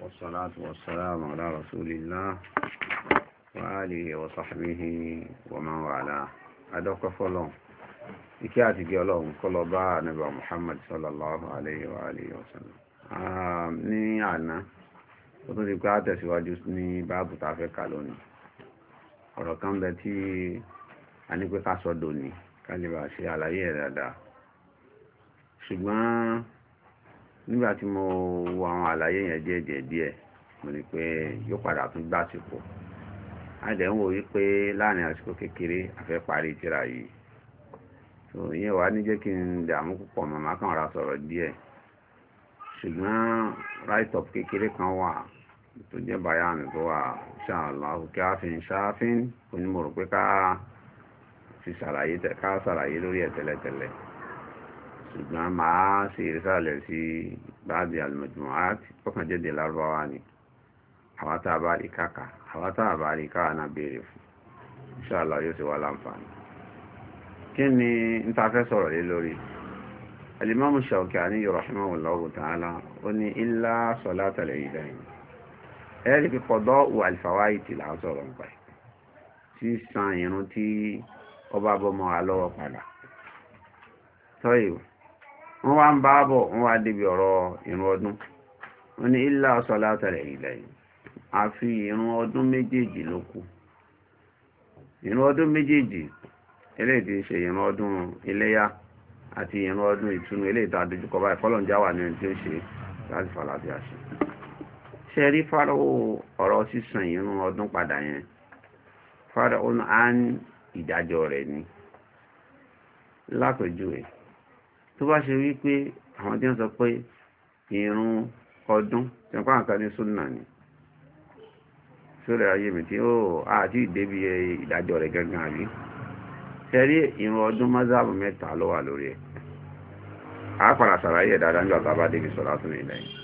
والصلاة والسلام على رسول الله وآله وصحبه ومن والاه adọ́kọ́ fọ́lọ́hun ìkẹ́ àti gẹ́ ọlọ́run kọ́lọ bá ànábì Muhammad sallallahu alayhi wa alayhi wa sallam ní àná ó tó di pé a tẹ̀síwájú ní báàbù tá a fẹ́ kà lónìí ọ̀rọ̀ kan bẹ tí a ní pé ká sọ dòní ká lè bá ṣe àlàyé ẹ̀ dáadáa ṣùgbọ́n nígbà tí mo wo àwọn àlàyé yẹn díẹ̀díẹ̀ díẹ̀ mo ní pé yóò padà tún gbà sípò àdẹ̀ ń wò yí pé láàrin àsìkò kékeré àfẹ́ parí tírà yìí so ìyẹn wàá ní jẹ́ kí n dààmú púpọ̀ màmá kan ra sọ̀rọ̀ díẹ̀ ṣùgbọ́n write up kékeré kan wà tó jẹ́ bayani tó wà ṣàlàhù kí a fi ń ṣáfín onímọ̀rò pé ká fi ṣàlàyé lórí ẹ̀ tẹ́lẹ̀tẹ́lẹ̀. ṣùgbọ́n máa ṣe ìrísàlẹ̀ sí báàdì ọkàn jẹ́dẹ̀ lárúbáwá ni bá rí káàkà bá rí náà béèrè fún ìṣàlá yóò ṣe wá láǹfààní kí ni n ta fẹ́ sọ̀rọ̀ lé lórí alimami ó ní ilá sọlá tẹ̀lé pípọ̀ sọ̀rọ̀ sísan wọ́n wá ń bá bọ̀ wọ́n wá débi ọ̀rọ̀ ìrun ọdún wọ́n ní ilá sọ̀láta lẹ́yìn lẹ́yìn àfi ìrun ọdún méjèèjì ló kù ìrun ọdún méjèèjì eléyìí ti ṣe ìrun ọdún iléyá àti ìrun ọdún ìtúnu eléyìí tá a dojúkọ báyìí kọ́lọ̀njá wà ní ẹni tí ó ṣe láti fà láti àṣẹ ṣe rí fáráwò ọ̀rọ̀ sísan ìrun ọdún padà yẹn fáráwò á ní ìdájọ́ rẹ̀ ní lápèjúwe tó bá ṣe wípé àwọn tí wọ́n sọ pé ìrun ọdún tí wọ́n pàǹkà ní súnà ni sórí ayé mi tí ó àti ìdébi ìdájọ́ rẹ̀ gangan àbí tẹ́rí ìrun ọdún mọ́sáàbù mẹ́ta ló wà lórí ẹ̀ àápàdà sàlàyé ẹ̀dáadáa nígbà tá a bá débi sọ̀rọ̀ àtúnú ilẹ̀ yìí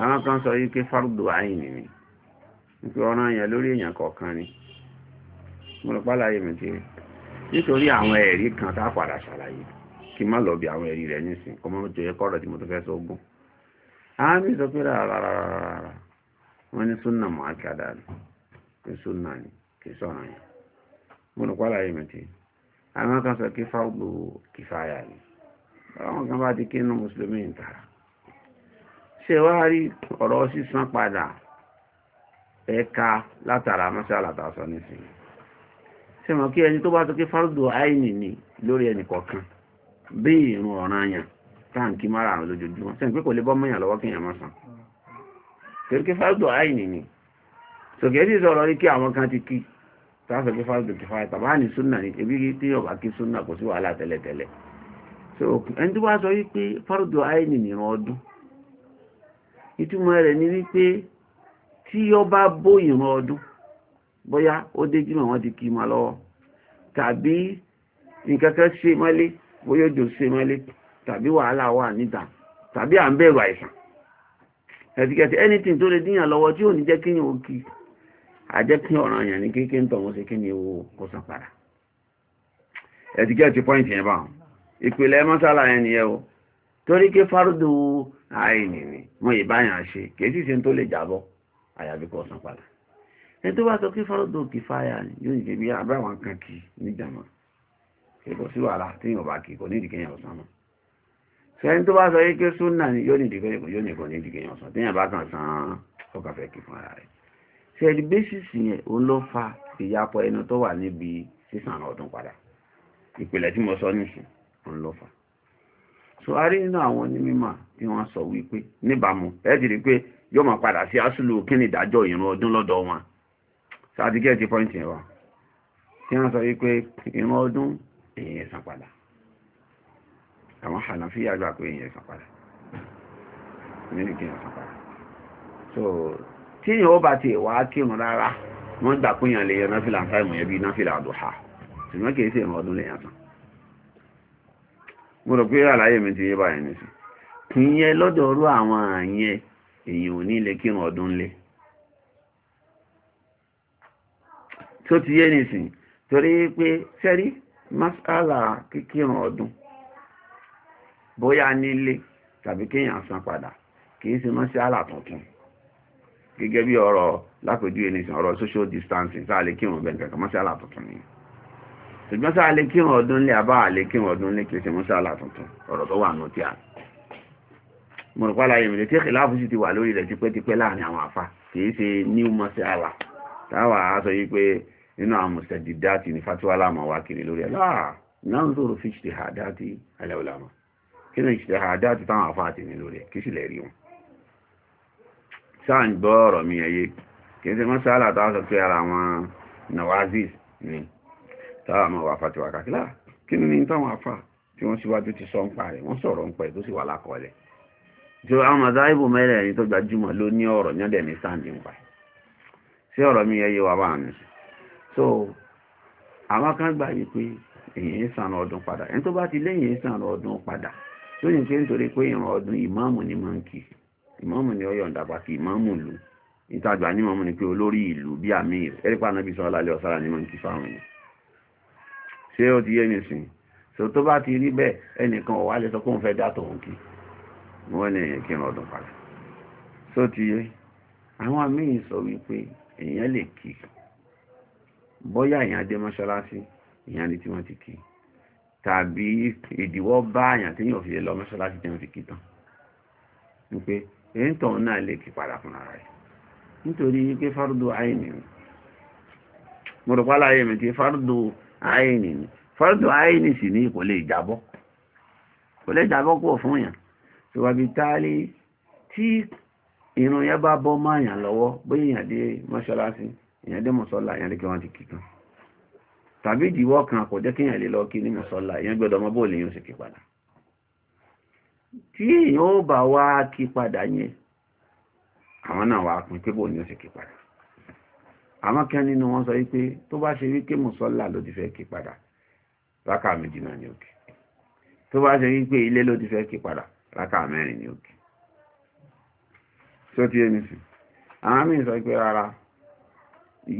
àwọn kan sọ yìí pé fárúdù àyìn ni wípé ọ̀ràn yẹn lórí èèyàn kọ̀ọ̀kan ni mo rò pálá ayé mi tí nítorí àwọn ẹ̀rí kan tá a padà sàlàyé kí má lọ bí àwọn ẹ̀rí rẹ̀ nísìn kọ́ mọ́ jẹ́ kọ́rọ̀ tí mo tó fẹ́ sọ gùn àmì sọ pé rárá wọ́n ní súnà mọ́ àkàdá ni kí súnà ni kì í sọ̀rọ̀ yẹn mo nù pàlàyé mi ti àwọn kan sọ kí fáwọ́gbò kìfàyà ni àwọn kan bá ti kí inú mùsùlùmí ń tara ṣe wá rí ọ̀rọ̀ sísan padà ẹ̀ka látara mọ́ṣálà tàṣọ nísìnyí ṣe mọ̀ kí ẹni tó bá tó kí fáwọ́gbò àìní ni lórí ẹnì kọ̀ọ̀kan bí ìrún ọ̀ràn àyàn táǹkì mara àrùn lójoojúmọ́ sẹ́yìn pé kò lè bọ́ mọ́yàn lọ́wọ́ kéèyàn má san torí kí àìní ni sòkèéjì sọ̀rọ̀ rí kí àwọn kan ti kí sáfẹ kí fáìdù kí fáìdù tàbá súnà ní ebi tí ọba kí súnà kò sí wàhálà tẹ́lẹ̀tẹ́lẹ̀ so ẹni tó bá sọ wípé fáìdù àìní ni wípé tí ọba bó ìran ọdún bóyá ó dé jímọ̀ wọn ti kí ma lọ́wọ́ tàbí nǹkan kan ṣe mọ́lé bóyá òjò ṣe mẹ́lẹ́ tàbí wàhálà wà níta tàbí à ń bẹ̀rù àìsàn ẹ̀tìkẹ̀tì anything tó lè díyàn lọ́wọ́ tí ò ní jẹ́ kíyàn ó kí àjẹ́ kí ọ̀ràn yàn ní kéèké ń tọ̀wọ́ sí kíni owó kó san padà ẹ̀tìkẹ̀tì point yẹn bá ìpìlẹ̀ mọ́sálà yẹn nìyẹn o torí ké fárúdù àìní ni mo yìí báyàn ṣe kì í sì ṣe tó lè jábọ́ àyàbí kó san padà ẹni tó bá sọ pé fárúdù kìfáyà yóò jẹ bí abáwọn kan kì í kò sí wàhálà tí yóò bá kì kò ní ìdíkẹ́yàn ọ̀sán mọ́ sẹ́yìn tó bá sọ yí pé súnà ni yóò ní ìdíkẹ́yàn yóò ní kò ní ìdíkẹ́yàn ọ̀sán téèyàn bá kàn sàn ó kàn fẹ́ kí fún ara rẹ̀ sẹ́yìn bẹ́sìsì yẹn òun ló fa ìyapọ̀ ẹnu tó wà níbi sísan ọdún padà ìpìlẹ̀ tí mo sọ nísìn òun ló fa so a rí nínú àwọn onímọ̀ tí wọ́n sọ wípé níbàámu ẹ ti rí pé yóò máa padà sí asúlù kí ni ìdájọ́ ìrún ọdún lọ́dọ̀ wọn sàdíkẹ́ ti pọ́ìntì wa tí wọ́n sọ wípé ìrún ọdún èyàn san padà àwọn Hànàfíyà gbà pé èyàn san padà nínú kí padà so tí yìí bá ti wà kírun rárá wọ́n gbà pé èyàn lè yẹ náfìlà ń sáìmù náfìlà àdùhà ṣùgbọ́n kì í ìrìn ọdún lèyàn san mo rò pé àlàyé mi ti yé báyìí nìsín kì í àwọn àyẹn èyàn ò ní lè kírun ọdún lé tó ti yé nìsín torí pé sẹ́rí masala kíkírun ọdún bóyá nílé tàbí kéèyàn san padà kìí ṣe masala tuntun gẹ́gẹ́ bí ọ̀rọ̀ lápẹjú ènìyàn ọ̀rọ̀ social distancing tá a lè kírun bẹ́ẹ̀ kankan masala tuntun ni ṣùgbọ́n tá a lè kírun ọdún lé àbá a lè kírun ọdún lé kìí ṣe masala tuntun ọ̀rọ̀ tó wà nù tí a mo rò pàlàyé mi lè tí ìlàfù sì ti wà lórí rẹ̀ tipẹ́tipẹ́ láàrin àwọn àfa kìí ṣe new masala táwa sọ yìí pé nínú àwọn mùsẹ̀dì dáàtì ní fatiwa láàmà wá kiri lórí ẹ̀ láà náà ń sọ̀rọ̀ fi ijtihadati al-ulama kí ni ijtihadati táwọn afá ti ní lórí ẹ̀ kí sì lè rí wọn. sáà ń gbọ́ ọ̀rọ̀ mi ẹ̀yẹ kì í ṣe mọ́ sáà látọ́ sọ pé ara àwọn nawazis ni táwọn àmọ́ wà fatiwa kàkílà ah, kí ni táwọn afá tó gbajúmọ̀ ló ní ọ̀rọ̀ ní ní sáà ń pa ẹ̀ ọ̀rọ̀ mi ẹ̀yẹ wà bá àmì sí so àwọn kan gbà yìí pé eyi ń sàn ọdún padà ẹni tó bá ti léyìn ń sàn ọdún padà tó yìn pé nítorí pé ìran ọdún ìmáàmù ni máa ń kì ìmáàmù ni ọyọ̀ ǹdàpá kì ìmáàmù lù ìtajà ní ìmáàmù ni pé olórí ìlú bí àmì ẹ̀rípa anábì sọ ọlálẹ́ ni máa ń kì fáwọn yìí ṣé ó ti yé so tó bá ti rí bẹ́ẹ̀ ẹnìkan ọ̀wá lè sọ pé òun fẹ́ dá tòun kì kí ìran ọdún so ti yé àwọn bóyá èèyàn dé mọ́ṣáláṣí èèyàn ní tí wọ́n ti kí tàbí ìdíwọ́ bá èèyàn tí yóò fi lọ mọ́ṣáláṣí tí wọ́n ti kí tán wípé èyí tó náà lè kí padà fún rẹ̀ nítorí wípé fárúdù àìní mo rò pálá ayé mi ti fárúdù àìní ni fárúdù àìní sì ní kò lè jábọ́ kò lè jábọ́ kúrò fún yàn síwájú táálí tí irun yẹn bá bọ́ máa yàn lọ́wọ́ bóyá èèyàn dé mọ́ṣáláṣí èyàn dé mọ̀sọ́lá lè kí wọ́n ti tàbí ìdíwọ́ kan kò jẹ́ kí lè kí ní mọ̀sọ́lá èyàn gbọ́dọ̀ ọmọ bóòlù sì kí padà tí èyàn ó bá wá kí padà yẹn àwọn náà wà pín pé bóòlù èyàn sì kí padà àwọn kan nínú sọ wípé tó bá ṣe wípé mọ̀sọ́lá ló ti padà rákà méjì náà ní òkè tó bá ṣe wípé ilé ló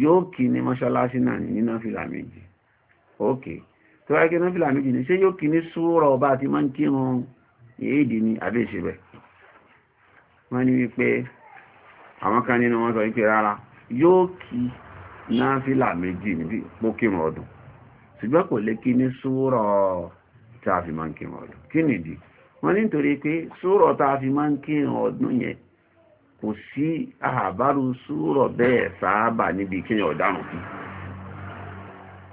yóò kí ní mọ́ṣáláṣí náà ní náfìlà méjì ókè tó wáyé kí náfìlà méjì ní ṣé yóò kí ní súrọ̀ ọba àti máa ń kírun èédì ní àbẹ́ṣẹ́bẹ̀ wọ́n ní wípé àwọn kan nínú wọn sọ wípé rárá yóò kí náfìlà méjì níbi pó kírun ọdún ṣùgbọ́n kò lè kí ní súrọ̀ tá a fi máa ń kírun ọdún kí nìdí wọ́n nítorí pé súrọ̀ tá a fi máa ń kírun ọdún yẹn kò sí àbárù súrọ̀ bẹ́ẹ̀ sáábà níbi kíyàn ọ̀daràn fún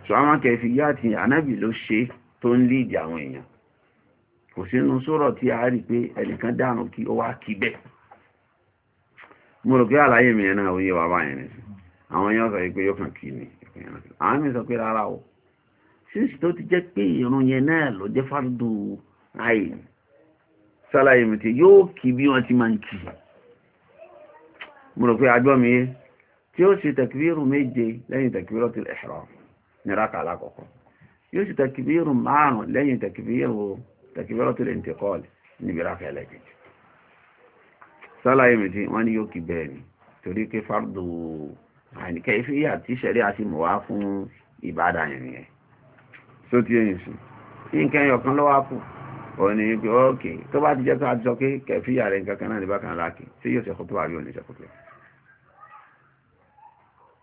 ṣọ kẹfì yá ti ànábì ló ṣe tó ń lídì àwọn èèyàn kò sínú súrọ̀ tí a rí pé ẹnìkan dànù kí ó wá kí bẹ́ẹ̀ mo rò pé àlàyé mi àwọn èèyàn sọ o tó ti jẹ́ pé yẹn náà ló jẹ́ fárúdù sálàyé mi ti yóò kí bí wọ́n mo rò pé agbọ́n mi yé tí ó ṣe tẹ̀kìbírù méje lẹ́yìn tẹ̀kìbírù ti ihram ní rákà alákọ̀ọ́kọ́ yóò ṣe tẹ̀kìbírù márùn lẹ́yìn tẹ̀kìbírù tẹ̀kìbírù ti intiqal níbi rákà ẹlẹ́kejì sálàyé mi ti wọ́n ní yóò kì bẹ́ẹ̀ ni torí pé fardu àìníkẹ́ ife yà tí ṣẹ̀rí àti mọ̀ wá fún ìbádà yẹn nìyẹn só ti yẹn sùn nǹkan ẹyọ ókè tó bá ti jẹ́ pé a jọ pé kẹfíyà nǹkan kan ní bákan láàkì tí yóò ṣe kótó àbí òní ṣe kótó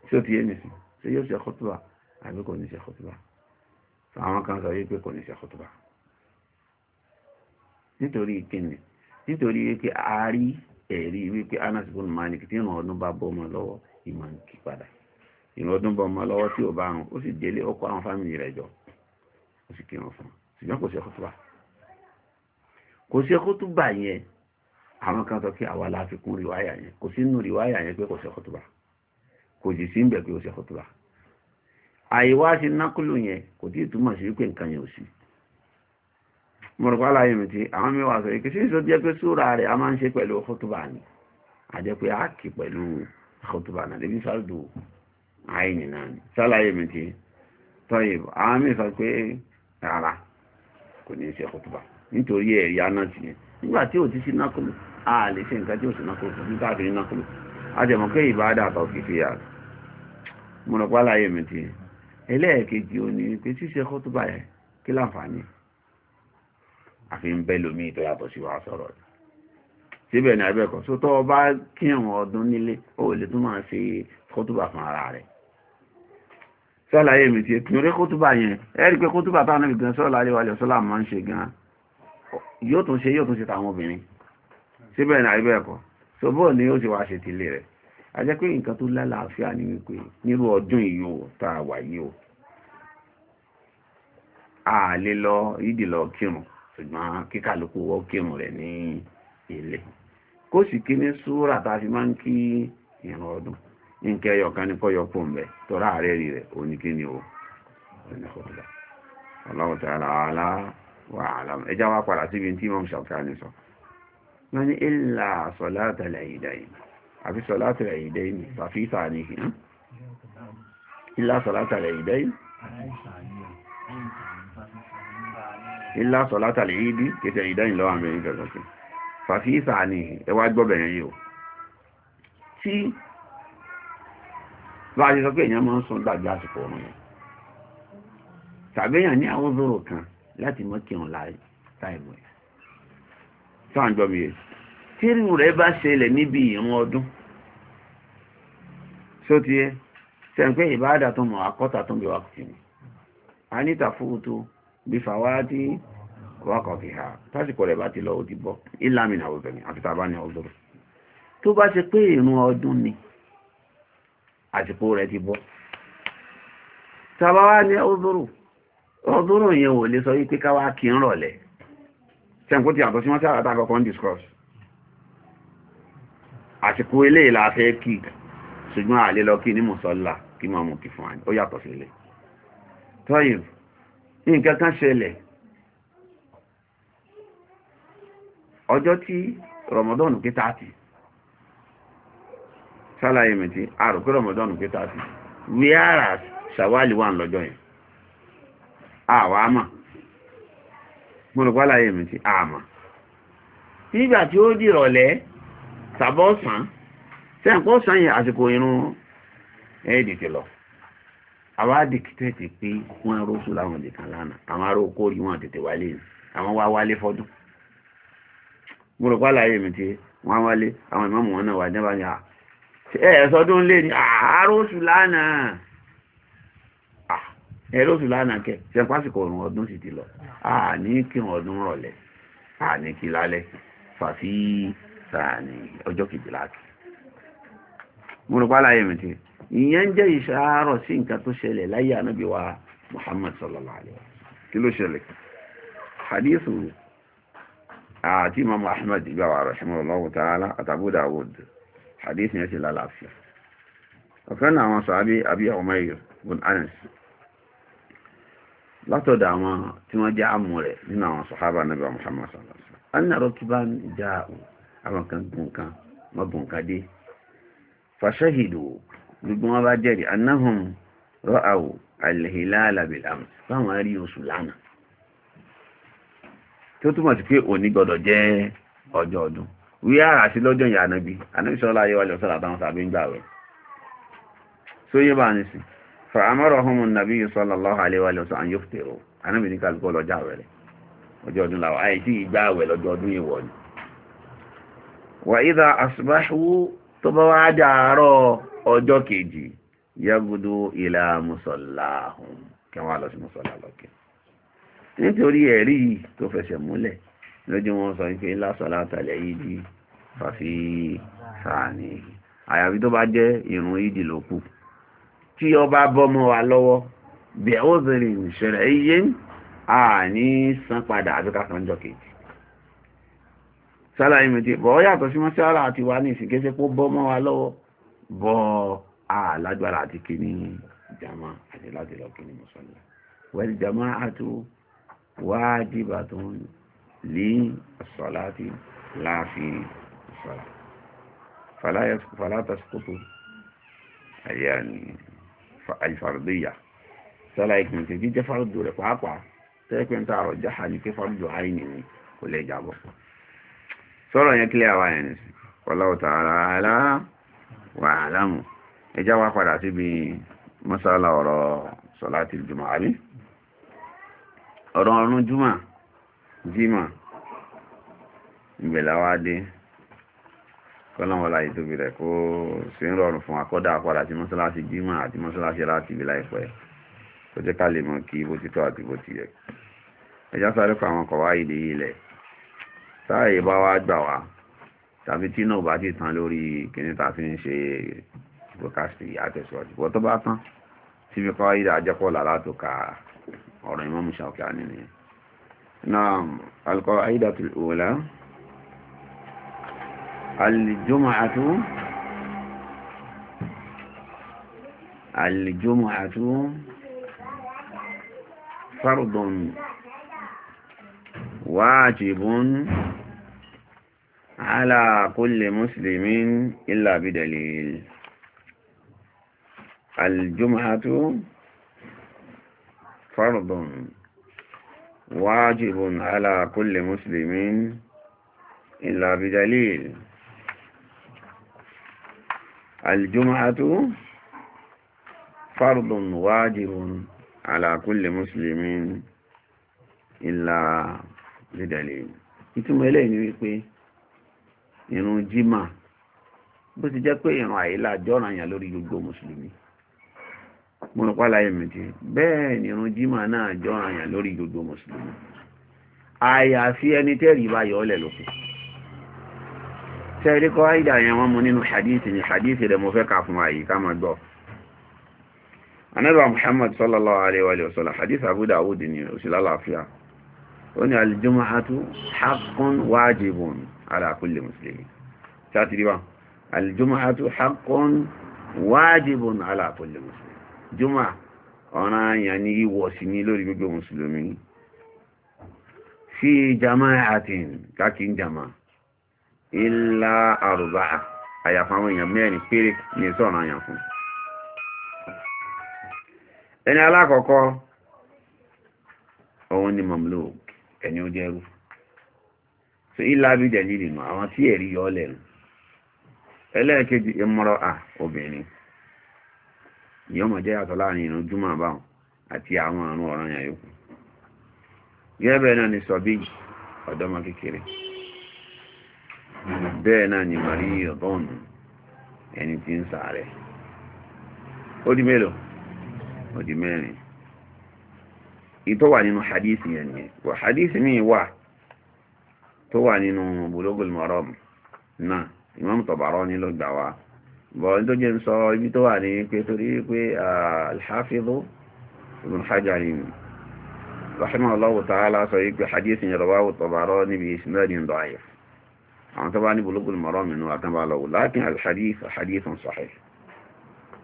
tí ó ti yé nìsín ṣe yóò ṣe kọ́tùbà àbí kò ní ṣe kọ́tùbà àwọn kan sọ wípé kò ní ṣe kọ́tùbà nítorí kíni nítorí wípé a rí ẹ̀rí wípé Anas bin Malik tí ìrìn ọdún bá bọ́ ọmọ lọ́wọ́ ìmọ̀ ń kí padà ìrìn ọdún bọ́ ọmọ lọ́wọ́ tí ò bá rùn ó sì délé ó kó àwọn fámìlì rẹ̀ jọ ó sì kírun fún un ṣùgbọ́n kò ṣe kọ́tùbà kò ṣe kọ́tùbà yẹn àwọn kan sọ pé àwa la fi kún yẹn kò sínú rìwáyà yẹn pé kò ṣe kọ́tùbà kò jì sí ìbẹ̀ pé ó ṣe kòtùbà àìwá ṣe nákùlù yẹn kò tí ìtumọ̀ sí wípé nǹkan yẹn ò sí mọ̀rọ̀pá láyé mi ti àwọn mẹ́wàá sọ ìkísí ìṣó jẹ́ pé súra rẹ̀ a máa ń ṣe pẹ̀lú kòtùbà ni àjẹ́ pé a kì pẹ̀lú kòtùbà náà débi sáàdù àìní náà ni sálàyé mi ti tọ́yì àwọn mẹ́wàá sọ pé rárá kò ní í ṣe kòtùbà nítorí ẹ̀rí aná ti yẹn nígbà tí ò ti sí nákùlù a lè ṣe nǹkan tí ò sí nákùlù ajẹ̀mọ̀kẹ́ ìbáadà tọ̀fífíà múnàpá láyé mi ti ẹlẹ́ẹ̀kejì ò ní pé ṣíṣe kọ́tùbà ẹ̀ kí láǹfààní àfi ń bẹ́ lómi ìtọ́ yàtọ̀ sí wa sọ̀rọ̀ síbẹ̀ ní abẹ́kọ̀ tó tọ́ bá kírun ọdún nílé ó lè tún máa ṣe kọ́tùbà fún ara rẹ̀ sọ́láyé mi ti torí kọ́tùbà yẹn ẹ̀rí pé kọ́tùbà táwọn ẹ̀rí gan sọ́lá alẹ́ wàlẹ̀ sọ́lá máa ń ṣe gan yóò tún ṣe yóò tún ṣe tàwọn obìnrin síbẹ̀ ní abẹ́kọ̀ so bóò ni ó ti wá ṣe tìlé rẹ̀ a jẹ́ pé nǹkan tó lálàáfíà ni wípé nírú ọdún o taa a wà o a lè lọ ìdí lọ kírun ṣùgbọ́n kíkàlùkù wọ́ kírun rẹ̀ ní ilé kó sì kí ní súrà tá a fi máa ń kí ìran ọdún nǹkan ẹyọ ní ń bẹ tọ́ra ààrẹ rí rẹ̀ òní kí ni o Allahu ta'ala wà á lámù ẹjá wa padà síbi tí mọ̀ ṣàkóso wọ́n ní ìlà sọ̀látàlẹ̀ ìdáyìn àfi sọ̀látàlẹ̀ ìdáyìn fàfí sàníhì ìlà sọ̀látàlẹ̀ ìdáyìn ìlà sọ̀látàlẹ̀ ìdí kẹsẹ̀ ìdáyìn lọ́wọ́ àmì ìfẹ̀sọ̀sẹ̀ fàfí sàníhì ẹwà gbọ́bẹ̀rẹ̀ yìí o tí bá ṣe sọ pé èèyàn máa ń sùn gbàgbé àsìkò ọ̀run yẹn tàbí èèyàn ní àwọn zòrò kan láti mọ́ kírun táìmù ẹ̀ táwọn gbọ́ mi yẹ rẹ bá ṣẹlẹ̀ níbi ìrún ọdún só ti yẹ tẹ̀ǹpẹ́ ìbáàdà tó mọ̀ àkọ́ta tó ń bẹ wá kò kìíní a ní bí fàwádìí tásìkò rẹ̀ bá ti lọ òdì bọ́ ìlàmìnà òbẹ̀mí tàbá ọdún tó bá ṣe pé ni àsìkò rẹ̀ ti bọ́ tàbá ọdún ọdún yẹn ò lè sọ wípé káwá kí ń sẹ́nkú ti àtọ́ sí wọ́n sára àtàkọ́kọ́ ń discuss àsìkò ilé ìlàfẹ́ kí ṣùgbọ́n àlè lọ kí ní mùsọ́lá kí máa mú kí fún àní ó yàtọ̀ sí ilé tọ́yìn nǹkan kan ṣẹlẹ̀ ọjọ́ tí rọmọdọ́nù pé tààtì sálàyé mi ti àrò pé rọmọdọ́nù pé tààtì wíárà ṣàwálì wà lọ́jọ́ yẹn àwa máa mo rò pàlàyé mi ti àmà nígbà tí ó di ìrọ̀lẹ́ tàbọ̀sán sẹ́ǹkọ́ sàn yẹn àsìkò irun ẹ̀ẹ́dì ti lọ àwa dìkítẹ́ẹ̀tì pé wọ́n arósù láwọn nìkan lánàá àwọn ará okó rí wọn tètè wálé àwọn wá wálé fọ́dún mo rò mi ti wọ́n wálé àwọn ìmọ̀mù wọn náà wà ní ẹ̀ẹ́sọ́dún lé ní àrósù lánàá ẹ̀rọ oṣù lánàá kẹ ṣe pásìkò ọ̀run ọdún sì ti lọ àní kí ọdún rọ̀lẹ́ àní kí lálẹ́ fàfi sàní ọjọ́ kejìlá kì mo rò pálá yẹn mi ti ìyẹn ń jẹ́ ìṣàárọ̀ sí nǹkan tó ṣẹlẹ̀ láyé ànábì wa Muhammad sallallahu alayhi wa kí ló ṣẹlẹ̀ hadithu àti imam Ahmad ibà wa rahimahullahu ta'ala àtàbù Dawud hadith yẹn ti lálàáfíà ọ̀kan náà àwọn sàábí àbí Umayr bin Anas látọ̀dọ̀ àwọn tí wọ́n jẹ́ àmú rẹ̀ nínú àwọn sọ̀hábà nàbí Muhammad sallallahu alaihi wasallam anáró kí bá ń já àwọn kan gùn kan wọ́n bùn kan dé fàṣẹ́hìdò gbogbo wọn bá jẹ́rì anáhùn rọ́àwò al-hilala bil-ams báwọn rí oṣù lánàá tó túmọ̀ sí pé òní gbọ́dọ̀ jẹ́ ọjọ́ ọdún wí àrà sí lọ́jọ́ ìyá anábì anábì sọ́lá ayé wájú ọ̀sán àtàwọn sàbí ń gbà rẹ̀ sóyè bá ní sìn fàámọ́rọ̀hún nàbí sallallahu alaihi wa وسلم an yuftiru anábì ní kálukọ́ lọ́jọ́ àwẹ̀ rẹ̀ ọjọ́ ọdún làwọn àìsí ìgbà àwẹ̀ lọ́jọ́ ọdún ìwọ̀ ni wà idha asbahu tó bá wá dàárọ̀ ọjọ́ kejì yagudu ila musallahum kẹwàá lọ sí musalla lọ́kẹ́ nítorí ẹ̀rí tó fẹsẹ̀ múlẹ̀ lójú wọn sọ pé la salata li ìdí fàfi sáà ni àyàfi tó bá jẹ́ ìrun ìdí lókù tí ọba bọ́mọ wa lọ́wọ́ bí ẹ̀ ó zèrè ìṣẹ̀lẹ̀ iye à ní san padà àbíká sanjọ́ kejì sálàyé mi ti bọ̀ ọ́ yàtọ̀ sí mọ́sálà àti wà ní ìsìnkéṣe pé bọ́mọ wa lọ́wọ́ bọ́ àlágbára àti kíní jama àti láti lọ kíní mọ́sálà wẹ́n jama àtú wájibà tó ń lé sọ̀lá ti láàfin sọ̀lá fàlátà sọ́kòtò àyà nìyẹn àlìfàrọ̀déyà sálàyé kì í ṣe jíjẹ́ fárúdù rẹ̀ pàápàá tẹ́ẹ̀pẹ́ ń ta àrọ̀ jáhà ní pé fárúdù àárín nìyí kò lè jábọ̀ sọ̀rọ̀ yẹn kílẹ̀ àwa yẹn nìsí wallahu ta'ala wa a'lamu ẹjá wa padà síbi mọ́sálà ọ̀rọ̀ sọ̀láti jùmọ̀ àbí ọ̀rọ̀ ọ̀run jùmọ̀ jimá ìgbẹ̀láwádé kọ́lọ́wọ́n láyé tóbi rẹ̀ kó sì ń rọrùn fún akọ́dá padà sí mọ́sálásí jímọ̀ àti mọ́sálásí láti ibi láìpẹ́ kó jẹ́ ká lè mọ̀ kí bó ti tọ́ àti bó ti yẹ. ẹja sáré kọ àwọn kọ̀wá ìdí ilẹ̀ sáàyè bá wá gbà wá tàbí tí náà bá ti tán lórí kíní ta fi ń ṣe broadcast àtẹ̀síwájú bọ́ tó bá tán tí fi kọ́ ìdá àjẹpọ̀ làlá tó ka ọ̀rọ̀ ìmọ̀ الجمعة الجمعة فرض واجب على كل مسلم إلا بدليل الجمعة فرض واجب على كل مسلم إلا بدليل aljum'atu fardun wajibun ala kulli muslimin illa lidalil ìtumọ̀ eléyìí ni wípé ìrun jímà bó ti jẹ́ pé ìrun àìlà jọ́ra yàn lórí gbogbo mùsùlùmí mọ̀nàpálá ẹ̀mìtì bẹ́ẹ̀ ni ìrun jímà náà jọ́ra yàn lórí gbogbo mùsùlùmí àyàfi ẹni tẹ́rì bá yọ ọ́lẹ̀ lókun tẹ́rí kọ́ àìdà yẹn wọ́n mú nínú hadithi ni hadithi rẹ̀ mo fẹ́ kà fún àyí ká máa gbọ́ anábà muhammad sallallahu alaihi wa sallam hadith abu dawud ni òsìlá láàfíà ó ní aljumahatu haqqun wajibun ala kulli muslimi sátìríwá aljumahatu haqqun wajibun ala kulli muslimi ọ̀nà yẹn ni ìwọ̀ sí ní lórí gbogbo mùsùlùmí fi jama'atin kákin jama'a ilá àrùbá àyàfà àwọn èèyàn mẹ́rin péré ní sọ̀rọ̀ àyàn fún ẹni alákọ̀ọ́kọ́ òun ni mọ̀mọ́lò ẹni ó jẹ́rú so ilá bí jẹ̀lì nínú àwọn tí ẹ̀rí yọ lẹ́nu ẹlẹ́ẹ̀kejì a à obìnrin ìyọ́mọ̀ jẹ́ yàtọ̀ láàrin ìrun júmọ̀ àbáwọn àti àwọn àrùn ọ̀ràn yàn gẹ́gẹ́ bẹ́ẹ̀ náà ni sọ bí ọ̀dọ́mọ kékeré bẹ́ẹ̀ náà ni màrí ọ̀tọ́ọ̀nù ẹni tí ń sàárẹ̀ ó di mélòó ó di mẹ́rin ìtọ́ wà nínú hadithi yẹn ni wà hadithi ní ìwà tó wà nínú bulugul maram náà imam Tabarani ló gbà wá bọ̀ ní tó jẹ́ ń sọ ibi tó wà ní pé torí pé alhafidhu ibn Hajar rahimahullahu ta'ala sọ yìí pé hadithi yẹn rawahu Tabarani bi isnadin àwọn tó bá ní bulugul maram nínú àtàbà lọ́wọ́ láti alhadith hadith sahih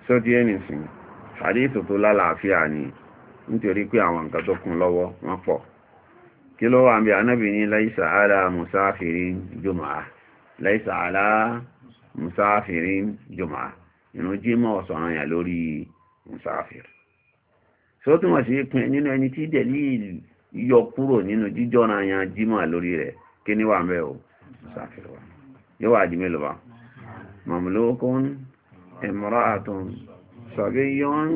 so díẹ̀ nìsín hadith tó lálàáfíà ni nítorí pé àwọn nǹkan tó kún lọ́wọ́ wọ́n pọ̀ kí ló wà ń bí anábì ní laisa ala musafirin jumaa laisa ala musafirin jumaa inú jímọ̀ ọ̀sán àyà lórí musafir so túnmọ̀ sí pin nínú ẹni tí dẹ̀ yọ kúrò nínú jíjọ́ àyà jímọ̀ lórí rẹ̀ kí ni wà ń o sáfirwa yóò wà jìmí lọ́wọ́ mamlukun imra'atun sabiyyun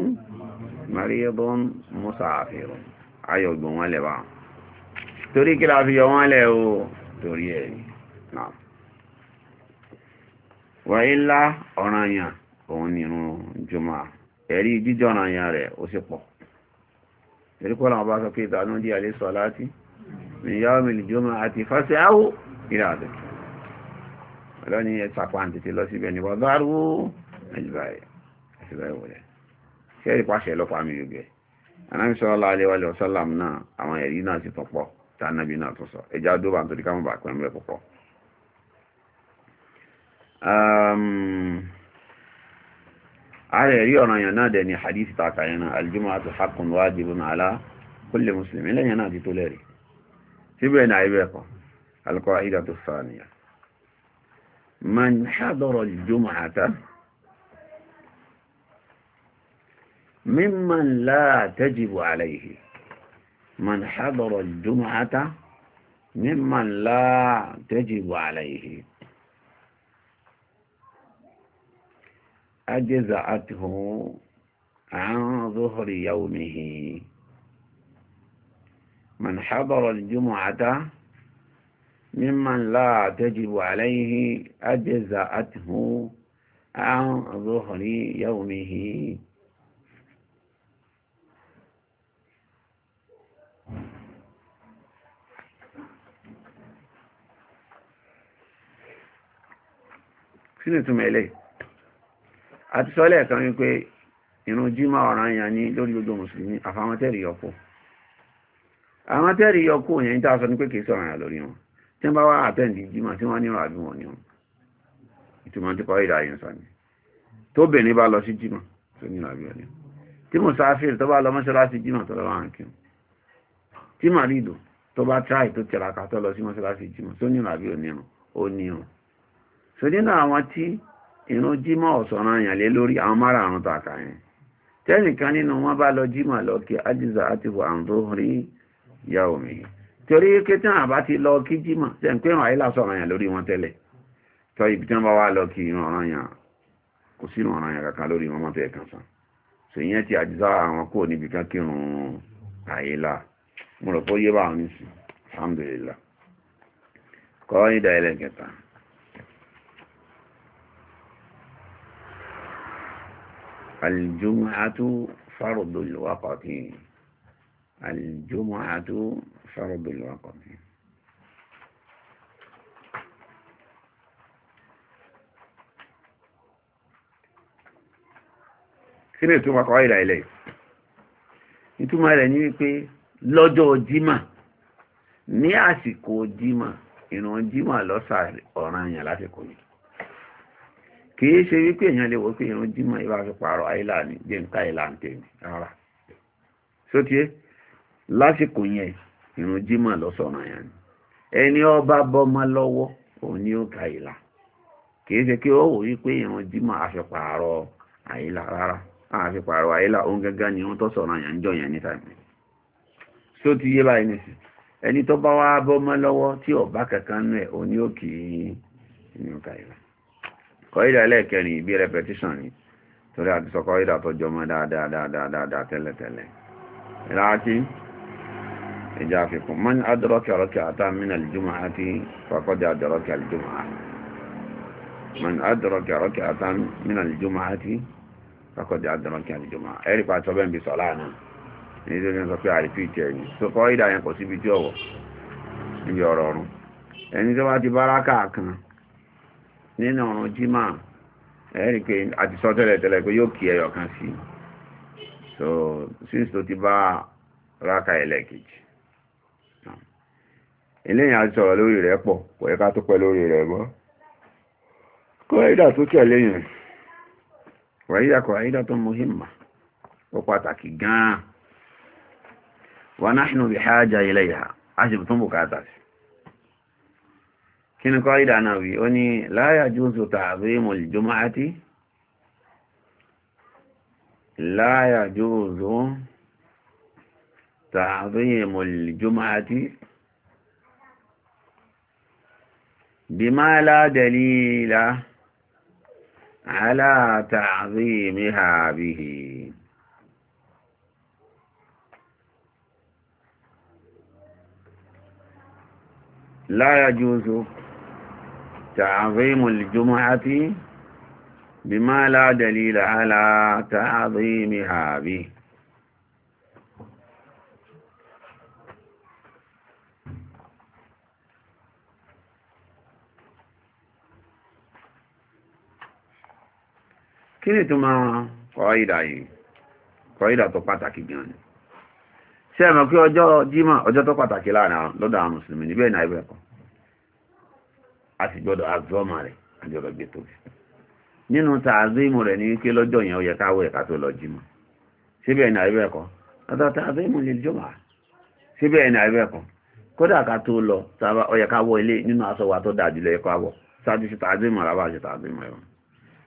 maridun musafirun ayọ̀ gbọ̀n wọn lẹ́wà torí kí la fi yọ wọn lẹ́ o torí ẹ̀ náà wà ilá ọ̀ranyàn òun nínú jùmọ̀ ẹ̀rí jíjọ́ ọ̀ranyàn rẹ̀ ó sì pọ̀ torí kọ́lá wọn bá sọ pé ìtànú di àlẹ́ sọ láti ìyá omi ìjọba àti fásitì áwò ìràdẹ̀ lọ́ní ẹ̀sàpá àtètè lọ síbẹ̀ ní wọ́dárú ẹ̀jìbáyé ẹ̀sìbáyé wọlé ṣé ìpàṣẹ lọ́pàá mi yóò gbẹ anábì sallallahu alaihi wa sallam náà àwọn ẹ̀rí náà sì tọpọ̀ tánàbí náà tó sọ ẹjá dóbà nítorí ká mọ̀ bà pẹ́ mẹ́ púpọ̀ ààrẹ rí ọ̀ràn yàn náà dẹ̀ ní hadith tàkà yẹn náà al-jumu'atu haqqun wajibun ala kulli lẹ́yìn náà ti tó lẹ́rìí síbẹ̀ náà ibẹ̀ kan القاعدة الثانية من حضر الجمعة ممن لا تجب عليه من حضر الجمعة ممن لا تجب عليه أجزأته عن ظهر يومه من حضر الجمعة ممن لا تجب عليه أجزأته عن ظهر يومه sínú ìtumọ̀ ilé àti sọ́lẹ̀ kan wípé ìrun jímọ̀ ọ̀ranyàn ní lórí gbogbo mùsùlùmí àfàwọn tẹ́rì yọkù àwọn tẹ́rì yọkù yẹn ń tàà sọ ní pé kìí sọ̀rọ̀ lórí wọn tí wọ́n bá wá àtẹ́ǹdì jímọ̀ tí wọ́n nírun àbí wọn nírun ìtumọ̀ tí kọ́ ìdá yẹn sọ ni tó bìnrin bá lọ sí jímọ̀ tó nírun àbí wọn nírun tí mo sáfìrì tó bá lọ mọ́ṣáláṣí jímọ̀ tó lọ wá ń kírun tí màrídò tó bá tíráì tó tẹ̀ràkà tó lọ sí mọ́ṣáláṣí jímọ̀ tó nírun àbí wọn nírun ó nírun so nínú àwọn tí ìrun jímọ̀ ọ̀sán àyàn lé lórí àwọn márààrún tàkà yẹn tẹ́nìkan nínú wọn bá lọ jímọ̀ lọ kí ajiza àti wàǹdó rí yàwó mi torí ké tí wọ́n bá ti lọ kí jímọ̀ tẹ́ ń pé wọ́n àyílà sọ̀rọ̀ yàn lórí wọn tẹ́lẹ̀ tọ́ ibi tí wọ́n bá wá lọ kí ìran ọ̀ràn yàn kò sínú ọ̀ràn yàn kankan lórí wọn mọ́tò ẹ̀kan sàn so ìyẹn ti àjíṣà àwọn kò níbi kan kírun àyílà mo rò pé ó yé bá wọn nísìn alhamdulillah kọ́ ìdá ẹlẹ́kẹta aljumu'atu fardul waqti الجمعة فرض الوقت kí ni ìtumọ̀ kọ́ ìlà ilẹ̀ ìtumọ̀ rẹ̀ ní wípé lọ́jọ́ jímà ní àsìkò jímà ìrun jímà lọ́sà ọ̀ràn àyàn lásìkò yìí kìí ṣe wípé èèyàn lè wò pé ìrun jímà ìbá fi pààrọ̀ àìlà ní jẹ́ nǹka ìlà ń tèmi rárá sótíé lásìkò yẹn ìrun jímọ̀ lọ́sọ̀rọ̀ yẹn ni ẹni ọba bọ́mọ lọ́wọ́ òun ni ó ka ìlà kìí ṣe kí ó wò pé ìrun jímọ̀ àfipààrọ̀ àìlà rárá àfipààrọ̀ àìlà òun gẹ́gẹ́ ni wọ́n ti yé báyìí ẹni tó bá wá bọ́mọ ọba kankan nù ẹ̀ òun ni ó kì í ó ka ìlà ìbí ni torí àti sọ kọ́ídà tó jọmọ dáadáa dáadáa ẹjá àfikún man adọ́rọ́kẹ́ ọ̀rọ́kẹ́ àtàmínà aljúmọ̀ àti fàkọ́dẹ̀ adọ́rọ́kẹ́ aljúmọ̀ àti man adọ́rọ́kẹ́ ọ̀rọ́kẹ́ àtàmínà aljúmọ̀ àti fàkọ́dẹ̀ adọ́rọ́kẹ́ aljúmọ̀ ẹ̀rí pa tọ́ bẹ́ẹ̀ bí sọ láàánú èyí tó ń sọ pé àrífíìtì ẹ̀yìn tó kọ́ ìdá yẹn kò síbi tí ọ̀wọ̀ níbi ọ̀rọ̀ ọ̀run ẹni tó bá ti báráká kan nínú ọ̀run jímà ẹ̀rí pé àti sọ tẹ́lẹ̀ tẹ́lẹ̀ pé yóò kí ẹyọ kan sí so since tó ti bá ráka ẹlẹ́kejì eléyìn àti sọ̀rọ̀ lórí rẹ̀ pọ̀ kò tó pẹ́ lórí rẹ̀ mọ́ tó tẹ̀lé yẹn kọ́ídà kọ́ídà tó muhimma ó pàtàkì gan-an wa nahnu bihaja ilayha a sì tún bùkátà sí kí ni kọ́ídà náà wí ó ní la yajuzu ta'zimul jumu'ati la yajuzu ta'zimul بما لا دليل على تعظيمها به لا يجوز تعظيم الجمعة بما لا دليل على تعظيمها به kí ni tó máa kọ́ ìdà yìí kọ́ ìdà tó pàtàkì gan ni ṣé ẹ mọ̀ pé ọjọ́ jímọ̀ ọjọ́ tó pàtàkì láàrin àwọn mùsùlùmí náà a sì gbọdọ àzọ́mà rẹ̀ àjọ̀rọ̀ gbé tóbi nínú tààzímù rẹ̀ ní wípé lọjọ yẹn ó yẹ tó lọ náà lè náà kódà ká tó lọ ilé nínú aṣọ wa tó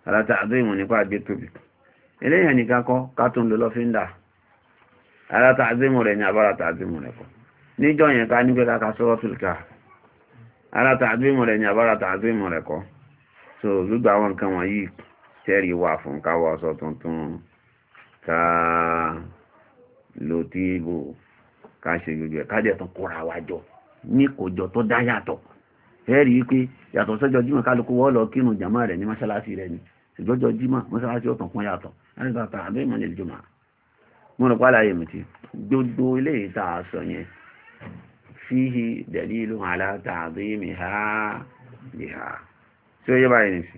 àlátà àdóìmọ̀ nípa àgbé tóbi eléyàn nìkan kọ́ ká tó ń lo lọ́fíńdà àlátà àdóìmọ̀ rẹ̀ ní abárata àdóìmọ̀ rẹ̀ kọ́ níjọ́ yẹn ká nígbẹ́ ká ká sọ́rọ́ tùlùkà àlátà àdóìmọ̀ rẹ̀ ní abárata àdóìmọ̀ rẹ̀ kọ́ so gbogbo àwọn nǹkan wọ̀nyí tẹ́rì wà fún káwọ́ ọ̀sọ̀ tuntun ká lo tíìbù ká ṣe gbogbo ẹ̀ ká dẹ̀ tún kóra wájọ ní kòjọ tó dá yàtọ̀ ẹ̀rí wípé yàtọ̀ sọ́jọ́ jímọ̀ kálukú wọ́ lọ jàmá rẹ̀ ní mọ́ṣáláṣí rẹ̀ ni ìjọjọ́ jímọ̀ mọ́sálásí ọ̀tàn kan yàtọ̀ láti ta ta àbẹ́ ìmọ̀lẹ̀ ìjọmọ̀ mo rò pàlà yẹn mìtì gbogbo ilé ìta àṣọ yẹn fíhi dalilu ala ta'zimiha biha tí ó yẹ báyìí nìsí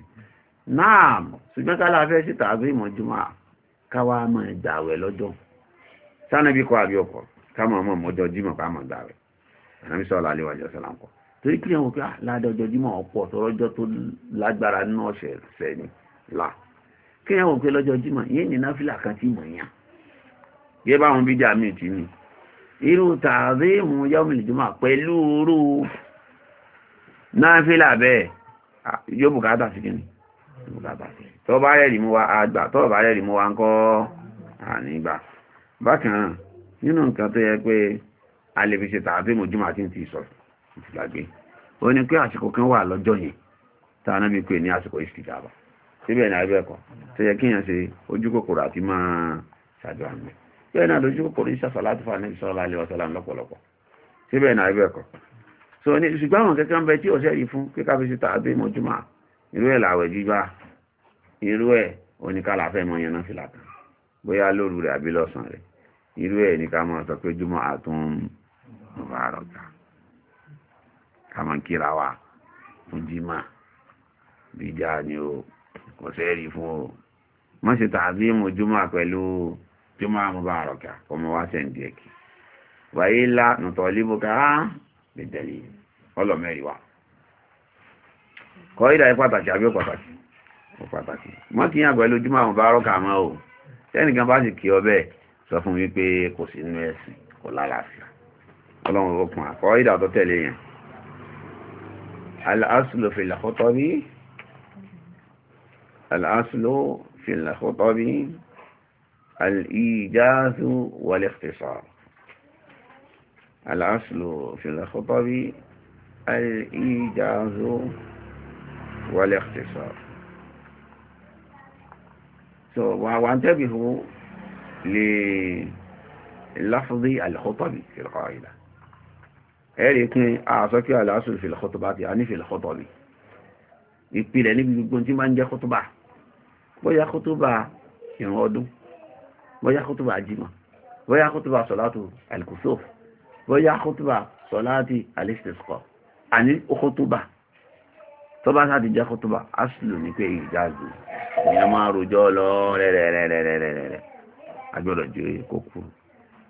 náà ṣùgbọ́n ká láfẹ́ sí tàbí ìmọ̀júmọ́ káwá mọ̀ ìgbàwẹ̀ lọ́jọ́ sánàbí kọ àbí ọkọ̀ káwọn ọmọ ọmọdé ọjímọ̀ káwọn ìgbàwẹ̀ ànábì ah, jímọ̀ ọ̀pọ̀ tọrọjọ́ tó lágbára La kí ẹ wò pé lọ́jọ́ jímọ̀ yìí ní náfìlà kan tí mò ń yàn gẹ́gẹ́ báwọn bídí àmì ìtì ni irú tààrí mú yọ́mìlì jùmọ̀ pẹ̀lú orú náfìlà bẹ́ẹ̀ yóò bùkátà sí kíni bùkátà sí tó bá rẹ̀ rí mú wa àgbà tó bá rẹ̀ rí mú wa ń kọ́ ànígbà bákan náà nínú nǹkan tó yẹ pé a lè fi ṣe tààrí mú jùmọ̀ àti ti sọ̀rọ̀ ìtìlágbé ó ní pé àsìkò kan wà lọ́jọ́ yẹn tá a náà ní àsìkò ìsìkàbà síbẹ̀ ní abẹ́ẹ̀kọ́ tó yẹ kíyàn ṣe ojú kòkòrò àti máa ṣàjọ àmì bẹ́ẹ̀ náà lójú kòkòrò ń láti fa níbi sọ́lá alẹ́ ọ̀sọ́lá lọ́pọ̀lọpọ̀ síbẹ̀ ní abẹ́ẹ̀kọ́ so ní ṣùgbọ́n àwọn kẹ́kẹ́ ń bẹ tí ọ̀sẹ̀ yìí fún kíkà fi ṣètà abẹ́ mọ́júmọ́ irú ẹ̀ làwẹ̀ gbígbá irú ẹ̀ oníkàlà fẹ́ mọ yẹn náà fìlà kan bóyá lóru rẹ̀ ni o kò sẹ́ẹ̀rì fún o má ṣe tàbí mojúmọ́ pẹ̀lú jùmọ́ àmúbárọ̀kà ọmọ wa sẹ́ǹdì ẹ̀kì wàyí ńlá nùtọ̀ líbùkà bẹ̀dẹ̀lì ọlọ́mẹ́rì wa kọ́ ìdá ẹ pàtàkì àbí ó pàtàkì ó pàtàkì má kí yàn pẹ̀lú jùmọ́ àmúbárọ̀kà mọ́ o tẹ́nìkan bá sì kí ọ bẹ́ẹ̀ sọ fún mi pé kò sí inú ẹ̀sìn kò lálàáfíà ọlọ́run ó kùn àkọ́ ìdá tó tẹ̀lé yẹn al aslu fil khutbi الأصل في الخطب الإيجاز والاختصار الأصل في الخطب الإيجاز والاختصار so, وانتبهوا للفظ الخطب في القاعدة ẹ̀rẹ̀kún àṣọ́kí العسل في الخطبات يعني في الخطب يبقى níbi gbogbo tí ما ń jẹ́ bóyá kútúbà ìrun ọdún bóyá kútúbà jímọ̀ bóyá kútúbà sọ̀látù alkusuf bóyá kútúbà sọ̀látì alistisqa àní kútúbà tó bá sáà ti jẹ́ kútúbà asìlù ní pé ìjáàzù ìyẹn máa rojọ́ lọ rẹ́rẹ́rẹ́rẹ́rẹ́rẹ́ agbọ́dọ̀ ju kó kúrú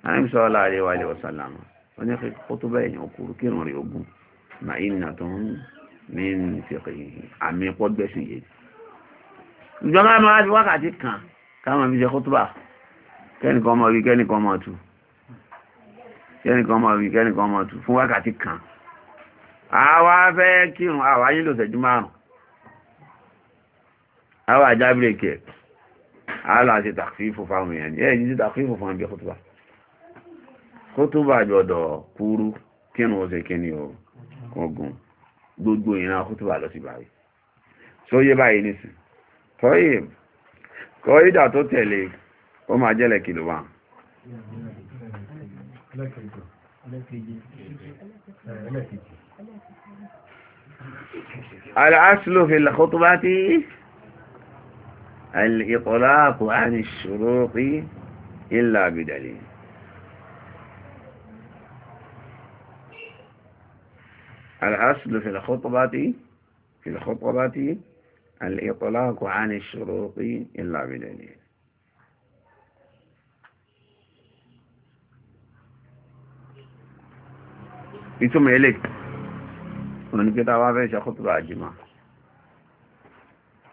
àyìn sọ láàrin wa ilé wasalama wọn ní kútúbà èèyàn kúrú kírun rẹ̀ ogun màá ìnà tó ń ní ìfẹ̀kẹ̀ àmì pọ́gbẹ́sì yìí ìjọba máa fi wákàtí kan káwọn fi ṣe kútùbà kẹ́nìkan mọ̀ wí kẹ́nìkan mọ̀ tù kẹ́nìkan mọ̀ wí kẹ́nìkan mọ̀ tù fún wákàtí kan àwa fẹ́ kírun àwa nílò ìṣẹ́jú márùn àwa àjábìrì kẹ̀ àlà àti tàkfífò fáwọn èèyàn ẹ̀ jí tàkfífò fún àbí kútùbà kútùbà jọ̀dọ̀ kúrú kírun ó ṣe kíni o kọ̀ọ̀gùn gbogbo ìran kútùbà lọ sí báyìí sóyé báyìí nísìnyí طيب قاعدة عليك وما كيلو لبا الأصل في الخطبة الإطلاق عن الشروط إلا بدليل الأصل في الخطبة في الخطبة الإطلاق عن الشروط إلا بدليل ìtumọ̀ ilé òun ni pé tá a wá fẹ́ ṣe kútùbà àjímá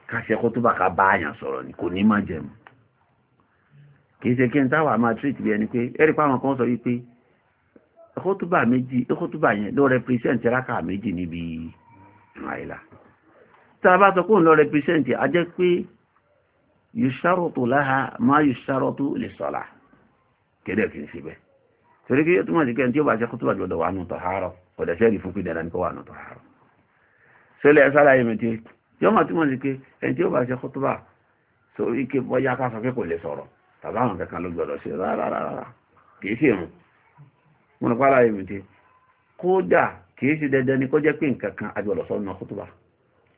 ká ṣe kútùbà ká bá àyàn sọ̀rọ̀ ni kò ní máa jẹun kì í ṣe kí n táwà máa tírìtì bí ẹni pé ẹ̀rí pàwọn kan sọ wípé kútùbà méjì kútùbà yẹn ló rẹpírẹ́sẹ̀ntì rákà méjì níbi ìrìn àìlà tá a bá sọ pé òun lọ rẹpírẹsẹ̀ntì a jẹ́ pé yusharotu láha máa yusharotu lè sọ̀la kéde kì í ṣe bẹ́ẹ̀ torí kí yóò túmọ̀ sí kẹ́ni tí ó bá ṣe kó tó bá gbọdọ̀ wà nù tọ̀hárọ̀ kò dẹ̀ sẹ́ẹ̀rì fún pídẹ̀rẹ̀ ní kó wà nù tọ̀hárọ̀ sẹ́lẹ̀ sáláyé mi ti yóò máa túmọ̀ sí pé ẹni tí ó bá ní pàlàyé mi ti kódà kì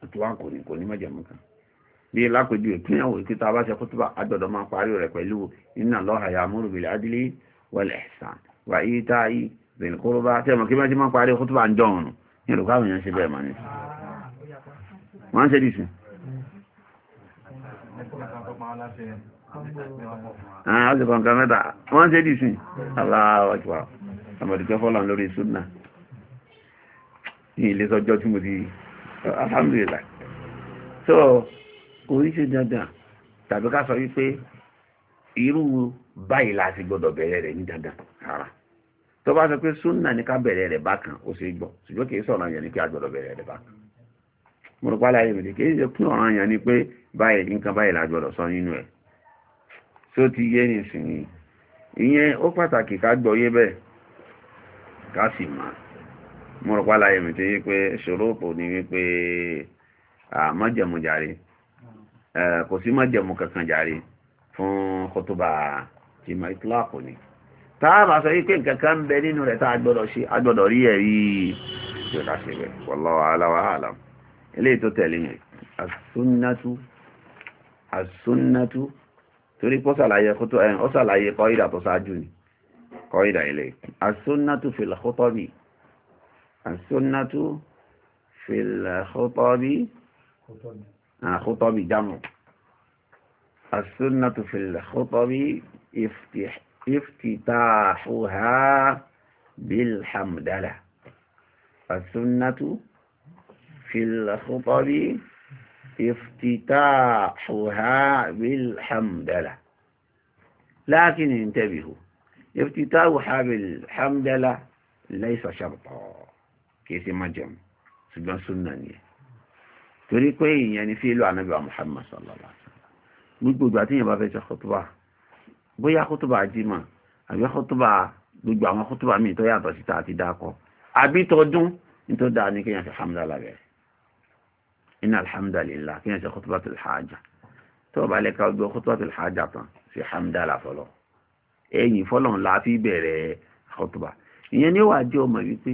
ètò wa kò ní kò ní mọ̀jẹ̀mú kan bí lápẹjù ìpínyàwó ìkíta bá ṣe kútùbà àjọ̀dọ̀ máa parí rẹ̀ pẹ̀lú inna Allaha ya'muru bil adli wal ihsan wa ita'i dhil qurba tí ẹmọ kí bá ṣe máa parí kútùbà ń jọun nù ní ìlú káwọn èèyàn ṣe bẹ́ẹ̀ máa ní. wọ́n ń ṣe dìsìn. àwọn ọ̀sẹ̀ kọ̀ọ̀kan mẹ́ta wọ́n ṣe dìsìn. aláwọ̀ ìwà àmọ̀dùkẹ́ fọ́lá lórí sunna ní ilé alhamdulillah so kò rí ṣe dandan tàbí ká sọ wípé irú báyìí láti gbọdọ̀ bẹ̀rẹ̀ rẹ̀ ní dandan rárá tó bá sọ pé súnà ní ká bẹ̀rẹ̀ rẹ̀ bákan ó ṣe gbọ́ ṣùgbọ́n kì sọ̀rọ̀ yẹn ni pé a gbọdọ̀ bẹ̀rẹ̀ rẹ̀ bákan mo láyé mi kì ṣe pín ọ̀ràn yẹn ni pé báyìí ti yé nísìnyí ìyẹn ó pàtàkì ká gbọ́ yé bẹ́ẹ̀ mo rò pàlàyé mi ti wípé ṣòróòpò ni wípé àmọ́jẹ̀mú jàre kò sí mọ́jẹ̀mú kankan jàre fún kótóbà ìmọ̀ ìtúláàpù ni táàbà sọ wípé nǹkan kan ń bẹ nínú rẹ̀ tá a gbọ́dọ̀ ṣe a gbọ́dọ̀ rí ẹ̀rí ìjọba ṣe bẹ̀ wallahu a'lam wa eléyìí tó tẹ̀lé yẹn as-sunnatu torí pọ́ sàlàyé kótó ẹ̀ ọ́ sàlàyé kọ́ ìdà tó ṣáájú ni kọ́ ìdà ilé as-sunnatu fil khutabi السنة في الخطب خطب آه، جمع السنة في الخطب افتح افتتاحها بالحمدلة السنة في الخطب افتتاحها بالحمدلة لكن انتبهوا افتتاحها بالحمدلة ليس شرطا kìí ṣe májẹ̀mú ṣùgbọ́n súnà nìyẹn torí pé ìyẹn ni fílò ànábì wa Muhammad sallallahu alaihi wa sallam gbogbo ìgbà tí yẹn bá fẹ́ ṣe khutuba bóyá khutuba jimá àbí khutuba gbogbo àwọn khutuba míì tó yàtọ̀ síta àti dákọ àbí tọdún nítorí dáa ní kéèyàn ṣe hamdà lábẹ́ inna alhamdulillah kéèyàn ṣe khutbatul haja tó bá lẹ́ka gbọ́ khutbatul haja tán ṣe hamdà láfọlọ́ ẹ̀yìn fọlọ́n la fi bẹ̀rẹ̀ khutuba ìyẹn ni ó jẹ́ ọmọ wípé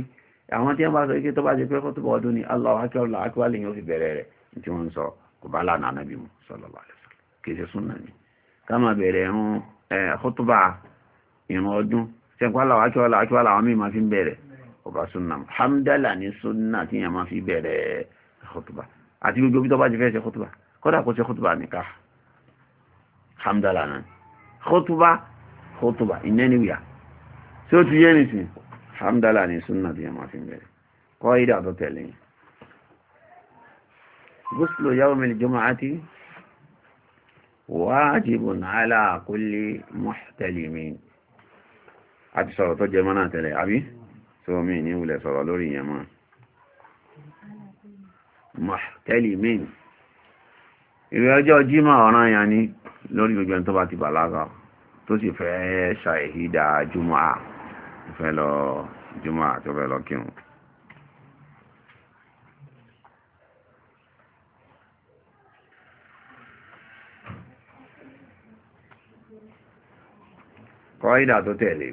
àwọn tí wọ́n bá sọ ike tó bá ṣe pé kó túbọ̀ ọdún ni Allahu akbar Allahu akbar lèyìn ó fi bẹ̀rẹ̀ rẹ̀ tí wọ́n ń sọ kò bá lànà ànábì mu sallallahu alaihi wasallam kì í ṣe súnà ni ká máa bẹ̀rẹ̀ ẹ̀rún kótóbà ìrún ọdún sẹ́kọ́ Allahu akbar Allahu akbar làwọn míì máa fi ń bẹ̀rẹ̀ kò bá súnà mu hamdala ni súnà tí yẹn máa fi bẹ̀rẹ̀ kótóbà àti gbogbo hamdala ni sunna bí ẹmọ fi bẹ̀rẹ̀ kọ́ ìdá tó tẹ̀lé gúúsùlù yawmil jumu'ati wajibun ala kulli muhtalimin àti sọ̀rọ̀ tó jẹ mọ́nà tẹ̀lé àbí tó mi ní wulẹ̀ sọ̀rọ̀ lórí yẹn mọ́ muhtalimin ìrẹ́ ọjọ́ jímọ̀ ọ̀ràn yẹn ni lórí gbogbo ẹni tó bá ti bàlágà tó sì fẹ́ ṣàìhídà jumu'a tó fẹ́ lọ jùmọ̀ àti ọ̀fẹ́ lọ kírun. kọ́ídà tó tẹ̀lé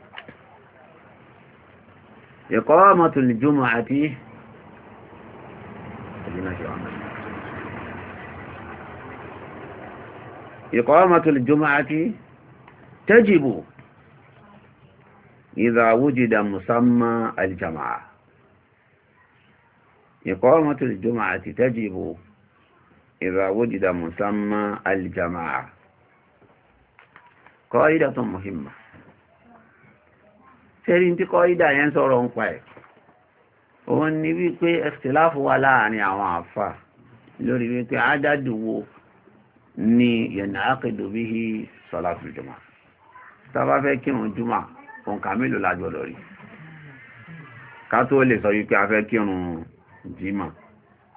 إقامة الجمعة إقامة الجمعة تجب ìdá wújìdà musamma aljama'a ìkọ́mọ̀tò ìjọmọ̀ àti tẹ́jìbò ìdá wújìdà musamma aljama'a kọ́ídà tó mọ̀hìmà sẹ́rí tí kọ́ídà yẹn sọ̀rọ̀ ń pa ẹ̀ òun ni wípé ẹ̀sìláfù wà láàrin àwọn àfà lórí wípé ájádùwò ni yẹ̀nà ákèdò bí fìjọmọ̀ tá fẹ́ kírun jùmọ̀ òǹkà mélòó la gbọ́dọ̀ rí ká tó lè sọ wípé a fẹ́ kírun jímọ̀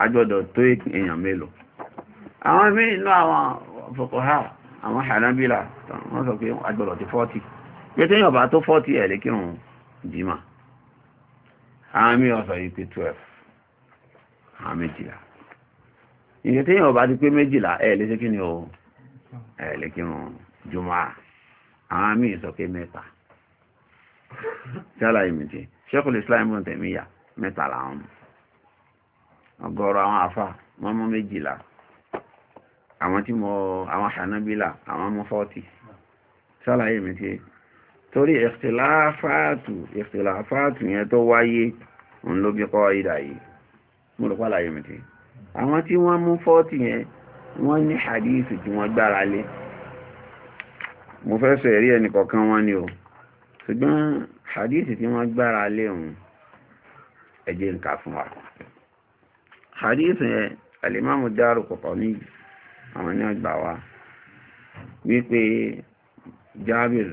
a gbọ́dọ̀ tó èèyàn mélòó àwọn mí inú àwọn fòkòhá àwọn hànábílà wọ́n sọ pé a gbọ́dọ̀ ti 40 pé téèyàn bá tó 40 ẹ̀ lè kírun jímọ̀ àwọn mí ọ̀sọ̀ yìí pé 12 àwọn méjìlá ìyẹn téèyàn bá ti pé méjìlá ẹ̀ lè ṣe kí ni o ẹ̀ lè kírun jùmọ̀ àwọn mí sọ pé mẹ́ta jálá ìmìtì Sheikhul Islam Ibn Taymiyyah mẹ́ta làwọn ọgọ́rọ̀ àwọn àfà wọ́n mú méjìlá àwọn tí mo àwọn Hanabila àwọn mú fọ́tì jálá ìmìtì torí ìkhtilafatu ìkhtilafatu yẹn tó wáyé òun ló bí kọ́ ìdá yìí mo rò pàlà ìmìtì àwọn tí wọ́n mú fọ́tì yẹn wọ́n ní hadith tí wọ́n gbára lé mo fẹ́ sọ ẹ̀rí ẹnìkọ̀ọ̀kan wọn ni o. ṣùgbọ́n hadith tí wọ́n gbára lé òun ẹjẹ́ ń kà fún wa hadith yẹn alimamu dáàrù ní àwọn ní ọgbà wa wípé Jabir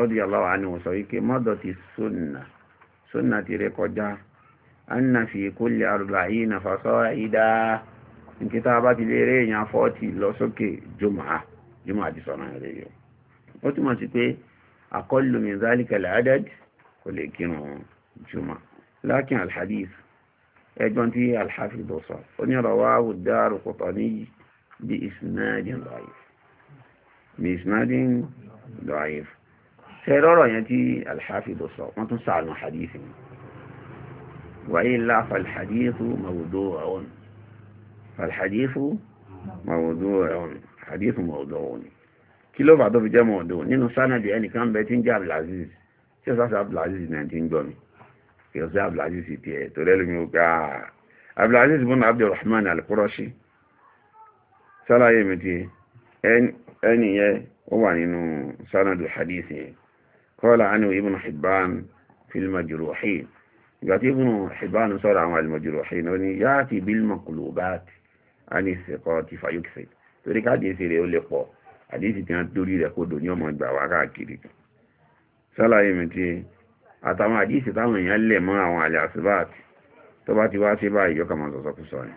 radiyallahu anhu sọ wípé mọ́dọ̀ ti sunna sunna ti rẹ kọjá anna fi kulli arba'ina fasa'ida nkítà bá ti lè èèyàn 40 lọ sókè jùmọ̀ jùmọ̀ àdìsọ̀nà rẹ̀ yóò ó túmọ̀ sí pé أقل من ذلك العدد ولكن جمع لكن الحديث أيضا فيه الحافظ وصف وإن رواه الدار القطني بإسناد ضعيف بإسناد ضعيف سيرورا يأتي الحافظ وصف ما تنسى عن حديث وإلا فالحديث موضوع فالحديث موضوع حديث موضوع kí ló fà tó fi jẹ́ mọ̀ọ́dọ̀ nínú sanadi ẹnìkan bẹ tí ń jẹ́ abdulaziz tí ó sáṣà abdulaziz náà ti ń gbọ́ mi kì í ṣe abdulaziz tiẹ̀ torí ẹlòmíì ó gbà á abdulaziz bùn abdulrahman alqurashi sálàyé mi ti ẹni yẹn ó wà nínú sanadi hadith yẹn kọ́lá anu ibn hibban fil majruhin ìgbà tí ibn hibban sọ̀rọ̀ àwọn al-majruhin ó ní yáàtì bil maqlubat àni ìsìnkọ́ ti torí káàdì ìsìnkọ́ ó lè pọ̀ àdíṣì tí wọ́n torí rẹ̀ kodò ní ọmọ ìgbà wá káàkiri sálàyé mi ti àtàwọn àdíṣì táwọn èèyàn lẹ̀ mọ́ àwọn àlẹ́ àṣìbáàtì tó bá ti wá sí báyìí yóò kàmọ́ sọ̀sọ́ kú ni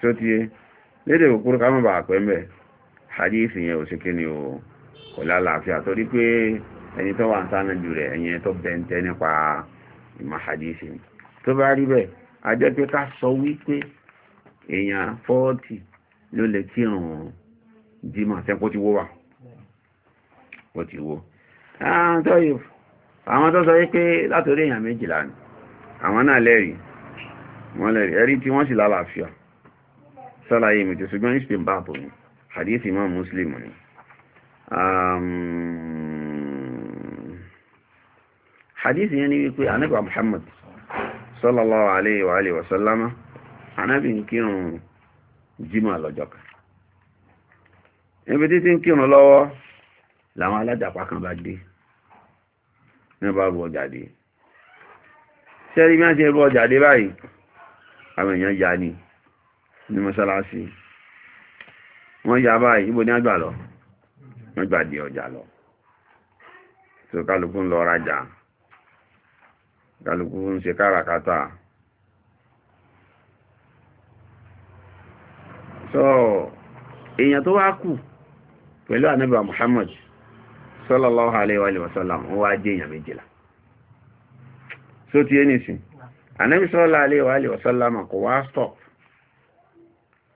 tó ti lédè kúkúrú ká mọ̀ bá pẹ́ mbẹ́ àdíṣì yẹn ò sí kí ni o kò lálàáfíà torí pé ẹni tó wà ń sáná ju rẹ̀ ẹ̀yẹn tó bẹ́ntẹ́ nípa ìmọ̀ àdíṣì tó bá rí bẹ́ẹ̀ a pé ká sọ wípé èèyàn fọ́ọ̀tì ló lè kírun jímọ̀ tẹ́kó ti wó wà ó ti wó ah, àwọn tó sọ wípé látorí èèyàn méjìlá ni àwọn náà lẹ́rìí wọ́n lẹ́rìí ẹ̀rí tí wọ́n sì lálàáfíà sálàyé mi tí ṣùgbọ́n ìsìn bá bò ní hadith imam muslim ni um, hadith yẹn ni wípé anábà muhammad sallallahu alayhi wa alihi wa sallama anábì ń kírun jímọ̀ lọ́jọ́ kan níbi títí ń kírun lọ́wọ́ làwọn alájàpá kan bá dé ní bá rú ọjà dé sẹ́rí bí wọ́n ti rú ọjà dé báyìí àwọn èèyàn ya ni ní mọ́sálásí wọ́n ya báyìí ibo ní àgbà lọ wọ́n gbà dé ọjà lọ tó kálukú ń lọ rajà kálukú ń ṣe káràkátà so èèyàn tó wá kù pẹ̀lú ànábà Muhammad sallallahu alaihi wa sallam ó jẹ́ èèyàn méjìlá so ti ẹni sí sallallahu alaihi wa sallam kò wá stop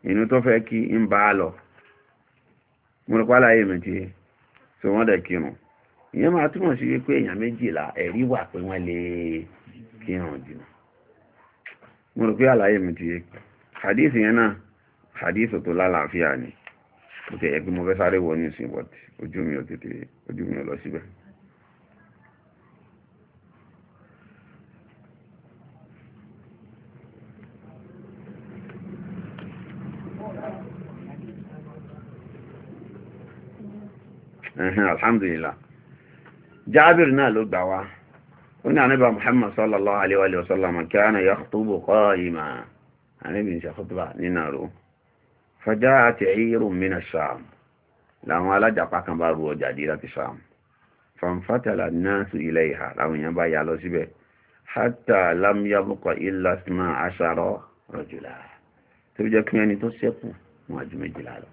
inú tó fẹ́ kí ń bá a lọ múrùpá láyé mi so wọ́n dẹ̀ kírun ìyẹn máa túmọ̀ sí wípé èèyàn méjìlá ẹ̀rí wà pé wọ́n lè kírun jìnnà múrùpá hadith yẹn hadith tó lálàáfíà ni ó ti ẹ̀yẹ pé mo fẹ́ sáré wọ ní ìsìn but ojú mi ò tètè ojú mi ò lọ síbẹ̀ alhamdulillah jabir náà ló gbà wá ó ní àníbà muhammad sallallahu alaihi wa sallam kana yakhtubu qaima àníbì ń ṣe khutba nínú àrùn fàjá àti ẹ̀yẹ́rò mìíràn sáàmù làwọn alájàpá kan bá ru ọjà dé láti sáàmù fanfatala náàsù ilẹ̀ ìhà làwọn èèyàn bá yà lọ síbẹ̀ hátà lámúyábùkọ ilá sinmi aṣarọ rọjùlá tó fi jẹ́ kí ẹni tó ṣẹ́kù wọn ju méjìlá lọ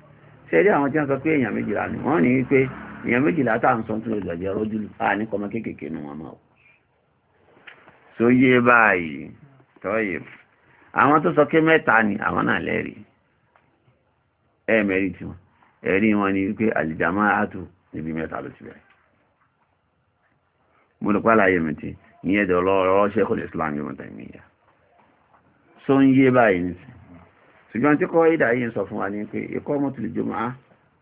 sẹ́rí àwọn tí wọ́n sọ pé èèyàn méjìlá ni wọ́n ní wípé èèyàn méjìlá tá à ń sọ tún lè gbàjẹ́ rọ́júlù á ní kọ́mọ kéékèèké nu wọn máa wò báyìí tọ́yè àwọn tó sọ pé mẹ́ta ni àwọn náà lẹ́rìí ẹ̀ẹ̀mẹ̀rí tí wọn ẹ̀rí wọn ni wípé àlìjàmá àtù níbi mẹ́ta ló ti bẹ̀rẹ̀ mo lè pàlà ayé mi ti ìyẹn dẹ̀ ọlọ́rọ̀ ṣẹ́kùn Islam yóò tẹ̀ mí yá so ń yé báyìí ní sí ṣùgbọ́n tí kọ́ ìdá yìí ń sọ fún wa ní pé ikọ́ mọ́tòlì jọmọ́ á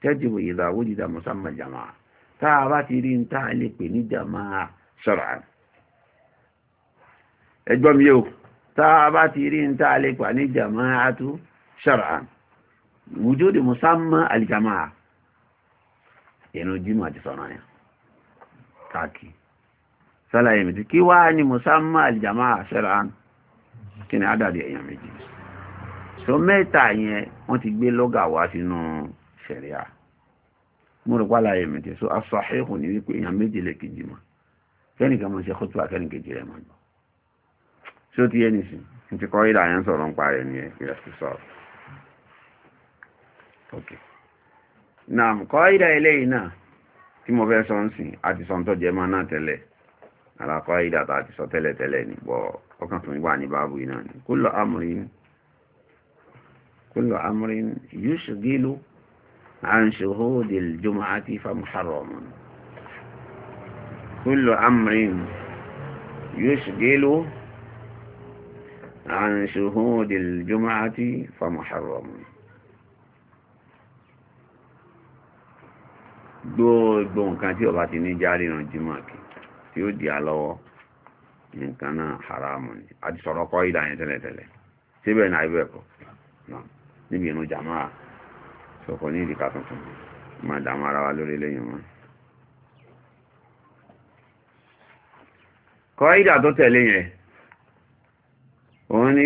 tẹ́jú wòye ìdá owó jìdá mọ́sánmà jàmá tá a bá ti rí ń tá a lè pè ní jàmá sọ̀rọ̀ àná ẹgbọ́n mi yóò tá a bá ti rí ń tá a lè pè ní jàmá àtú sọ̀rọ̀ àná wùjóde musamman alìjàmáà ìrun jímọ̀ àti sọ̀rọ̀ yẹn káàkiri sálàyé méjì kí wá ní musamman alìjàmáà ṣẹ́ràn kí ni àdàdì èèyàn méjì so mẹ́ta yẹn wọ́n ti gbé lọ́gà wá sínú ṣẹ̀ríà mo rò pàlàyé so asọ̀hẹ́kù ní wípé èèyàn méjì lè kejì mọ́ kẹ́nìkan mọ́ ṣe kótó akẹ́nìkejì rẹ̀ mọ́ so ti yẹ nìsín ti kọ́ ìlà sọ̀rọ̀ ń parẹ́ ni ẹ̀ kí ẹ okay naam kọ́ ìdá eléyìí náà tí mo fẹ́ sọ ń sìn àti sọ tó jẹ máa náà tẹ́lẹ̀ àlàkọ́ ìdá tá àti sọ tẹ́lẹ̀ tẹ́lẹ̀ ní bọ́ ọkàn tó ń wà ní báàbù iná ni kullu amrin kullu amrin yushghilu an shuhudil jumu'ati fa muharramun kullu amrin yushghilu an shuhudil jumu'ati fa muharramun gbogbo nǹkan tí ọba ti ní járí tí di alọ́wọ́ nǹkan náà a ti sọ̀rọ̀ kọ́ ìdá yẹn tẹ́lẹ̀tẹ́lẹ̀ síbẹ̀ náà ibẹ̀ kọ́ níbi ìrún jàmáà sọ̀kọ̀ ní ìdíkà tuntun máa dààmú ara wa lórí lẹ́yìn wọn. kọ́ ìdá tó tẹ̀lé yẹn òun ni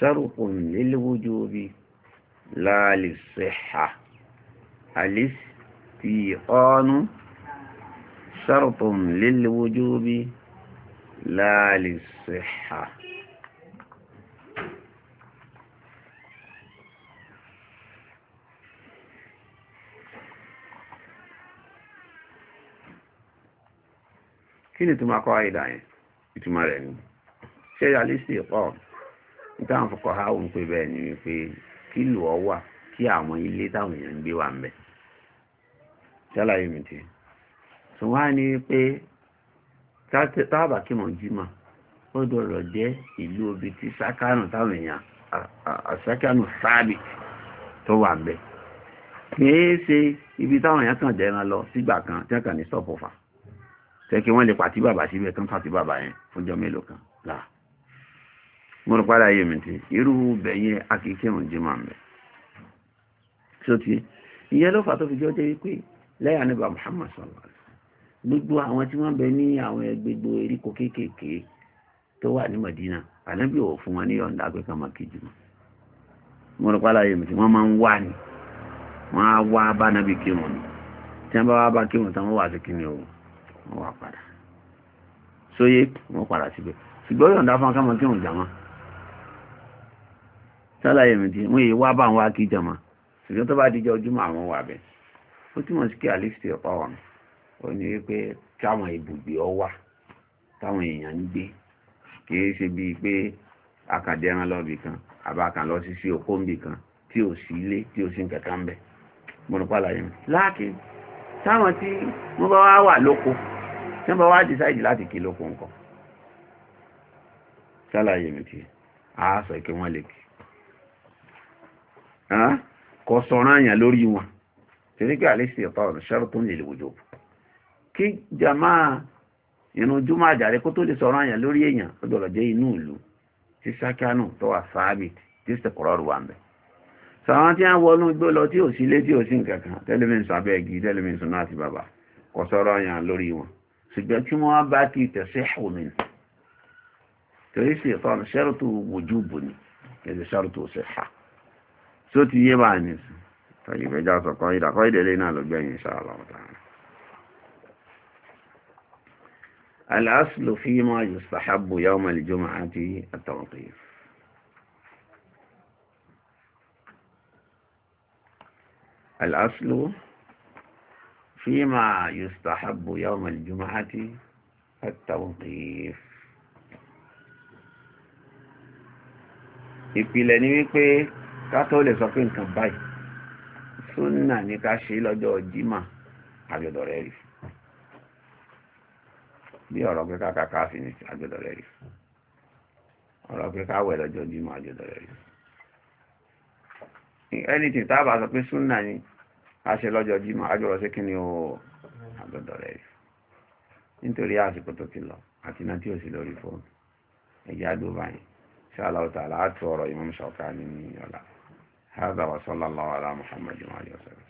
shartun lil wujubi la li sihha al-istiqanu shartun lil wujubi la li sihha kí ni ìtumọ̀ akọ́ àìdá yẹn ìtumọ̀ rẹ̀ ni ṣe yà lè sí ìpọ̀ ọ̀nà nítawọn fọkọ ha òun pé bẹ́ẹ̀ ni wípé kí lù ọ wà kí àwọn ilé táwọn èèyàn ń gbé wà ń bẹ̀ ṣàlàyé mi ti sùn wá ní pé táàbà kí mọ̀ jí mọ̀ ó dọ̀rọ̀ jẹ́ ìlú obi tí sákánù táwọn èèyàn àṣàkánù sáàbì tó wà ń bẹ̀ kìí ṣe ibi táwọn èèyàn kàn jẹran lọ sígbà kan tí wọn kàn ní sọpọfà ṣé kí wọn lè pàtí bàbá síbẹ̀ kán pàtí bàbá yẹn fúnjọ́ mélòó kan láà mo rò padà yé mi tí irú bẹ̀yẹ akíkẹ́mù jimá ń bẹ̀ sóti ìyẹn ló tó fi jẹ́ wípé lẹ́yìn àníbà Muhammad sallallahu alaihi wasallam gbogbo àwọn tí wọ́n bẹ ní àwọn gbogbo eríko kéékèèké tó wà ní Madina ànábì ò fún wọn ní ọ̀nà àgbẹ̀ká máa kejì mọ́ mo rò padà yé mi tí wọ́n máa ń wá ni wọ́n á wá bá nábì kírun ni tí wọ́n bá wá bá kírun tán wọ́n wà sí kíni o wọ́n wà padà sálàyé mi ti wọ́n èyí wá bá wọn kí jàmá ṣùgbọ́n tó bá díjọ ojúmọ́ àwọn wà bẹ́ẹ̀ ó túmọ̀ sí kí àlífìsì ọ̀pá wọn ò ní wípé káwọn ibùgbé ọ wà táwọn èèyàn ń gbé kì í ṣe bíi pé akàdẹ́ran lọ́bì kan àbákan lọ sí sí okó ńbì kan tí ò sí ilé tí ò sí kẹ̀kẹ́ ń bẹ̀ mọ̀nùpàlàyé mi. láàkín táwọn tí wọ́n bá wà lóko tí wọ́n bá wá dìsáìdì láti kí lóko nǹkan sálàyé mi ti àá sọ lè kí kò sọ̀rọ̀ àyàn lórí wọn torí pé àlẹ́sì ọ̀tọ̀ ọ̀rọ̀ ṣẹ́rọ̀ tó ń lè lòjò kí jama irun júmọ̀ àjàre kó tó lè sọ̀rọ̀ àyàn lórí èèyàn ó gbọ́dọ̀ jẹ́ inú ìlú tí sákánù tó wà sáábìt tí sẹ̀kọ̀rọ̀ rù wà ń bẹ̀ sàwọn tí a wọnú igbó lọ tí ò sí ilé tí ò sí nǹkan kan tẹlifíǹsì abẹ́ igi náà àti bàbá kò sọ̀rọ̀ àyàn lórí wọn ṣùgbọ́n tí wọ́n bá ti tẹ̀sí ẹ̀hùnmí tó ti yé bá ní sí tàbí ìfẹ́já sọ kọ́ ìdà kọ́ ìdẹ̀lé náà ló gbẹ̀yìn insha Allah ta'ala al-aslu fima yustahabbu yawm al-jum'ati at-tawqif al-aslu fima yustahabbu yawm al-jum'ati at-tawqif ìpìlẹ̀ ni wípé ká tó lè sọ pé nǹkan báyìí súnà ní ká ṣe lọ́jọ́ jimá àjọ̀dọ̀ rẹ̀ rí bí ọ̀rọ̀ pé ká kàkà sí ní àjọ̀dọ̀ rẹ̀ rí ọ̀rọ̀ pé ká wẹ̀ lọ́jọ́ jimá àjọ̀dọ̀ rẹ̀ rí anything tá a bá sọ pé súnà ni a ṣe lọ́jọ́ jimá àjọ̀rọ̀ sí kí ni o àjọ̀dọ̀ rẹ̀ rí nítorí àsìkò tó ti lọ àti iná tí ó sì lórí fóònù ẹ̀yà àdó báyìí ṣáà láwùtà láàtú ọ̀rọ̀ Imam Shawkani ní ọ̀la هذا وصلى الله على محمد وعلى وسلم